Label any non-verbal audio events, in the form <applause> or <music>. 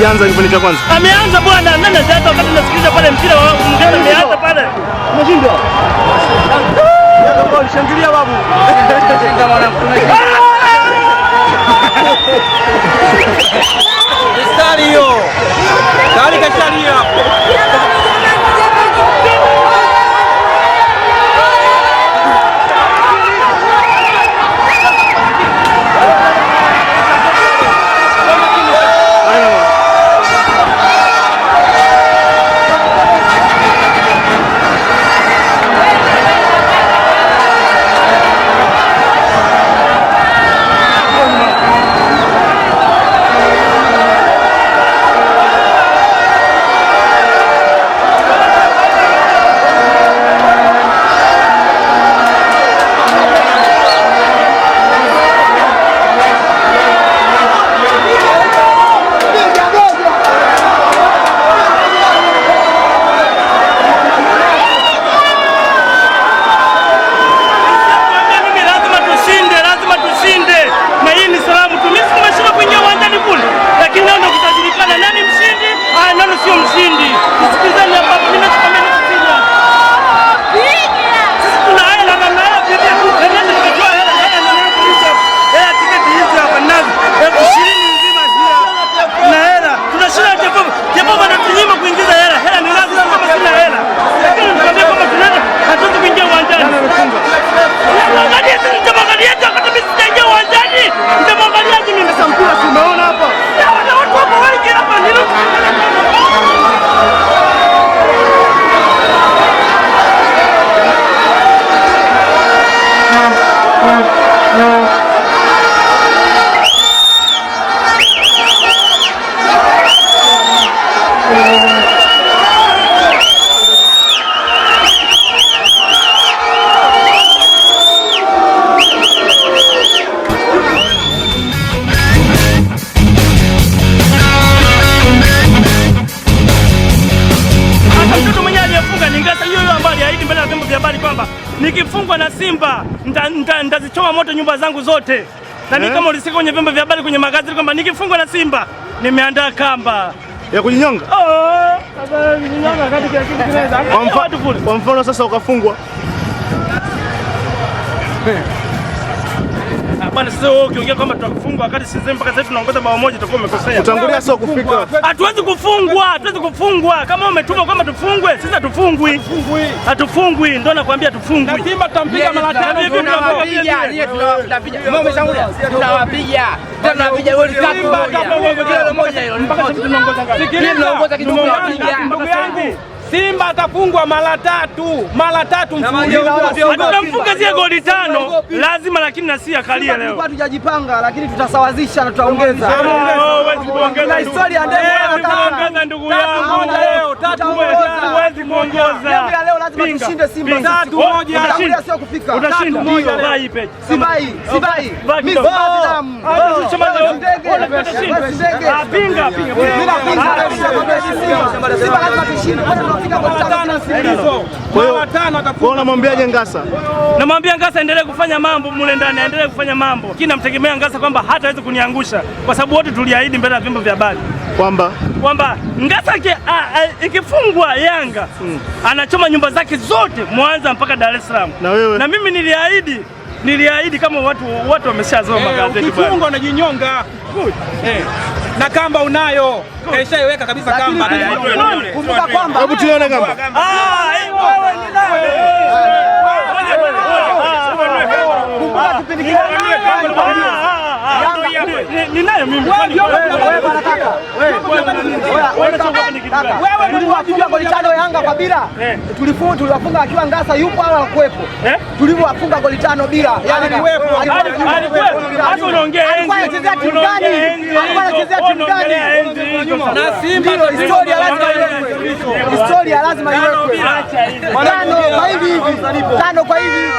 hajaanza kipindi cha kwanza. Ameanza bwana, nani hata wakati nasikiliza pale mpira wa mgeni ameanza pale. Umeshindwa. Yaani Shangilia babu. Shangilia mwanangu. <laughs> Nikifungwa na Simba nitazichoma moto nyumba zangu zote na mimi eh? kama ulisikia kwenye vyombo vya habari kwenye magazeti kwamba nikifungwa na Simba nimeandaa kamba ya kujinyonga. Oh, kwa mfano sasa ukafungwa eh. Hapana, sasa wewe ukiongea kama tutakufungwa wakati sisi mpaka sasa tunaongoza bao moja utakuwa umekosea. Kutangulia sio kufika. Hatuwezi kufungwa, hatuwezi kufungwa. Kama umetuma kwamba tufungwe, sisi hatufungwi. Hatufungwi, ndio nakwambia hatufungwi. Lazima tutampiga mara tano hivi tunawapiga. Yeye tunawapiga. Mume zangu tunawapiga. Tunawapiga goli tatu moja. Goli moja hilo mpaka sisi tunaongoza ngapi? Tunaongoza kitu tunawapiga. Ndugu yangu Simba atafungwa mara tatu, mara tatu mfululizo. Tutamfunga zile goli tano lazima, lakini na si akalia leo. Kwa tujajipanga, lakini tutasawazisha na tutaongeza. Tutaongeza historia ndio, ndugu yangu, huwezi kuongoza lazima tushinde Simba. Ngasa? Namwambia Ngasa endelee kufanya mambo mule ndani, aendelee kufanya mambo. namtegemea Ngasa kwamba hata hataweza kuniangusha kwa sababu wote tuliahidi mbele ya vyombo vya habari kwamba kwamba Ngasake ikifungwa Yanga mm. anachoma nyumba zake zote Mwanza mpaka Dar es Salaam. Na wewe na mimi niliahidi niliahidi kama watu watu wameshazoma eh, magazeti bwana. Ukifungwa unajinyonga eh, na kamba unayo ishaiweka kabisa kamba. Kumbuka kwamba ah, eh, wewe ni nani? Eh. ninayo mimi. Wewe Yanga kwa bila eh. tuliwafunga akiwa Ngasa yupo au hakuwepo? Eh? Tulivyowafunga goli tano bila historia lazima iwekwe tano kwa hivi tano kwa hivi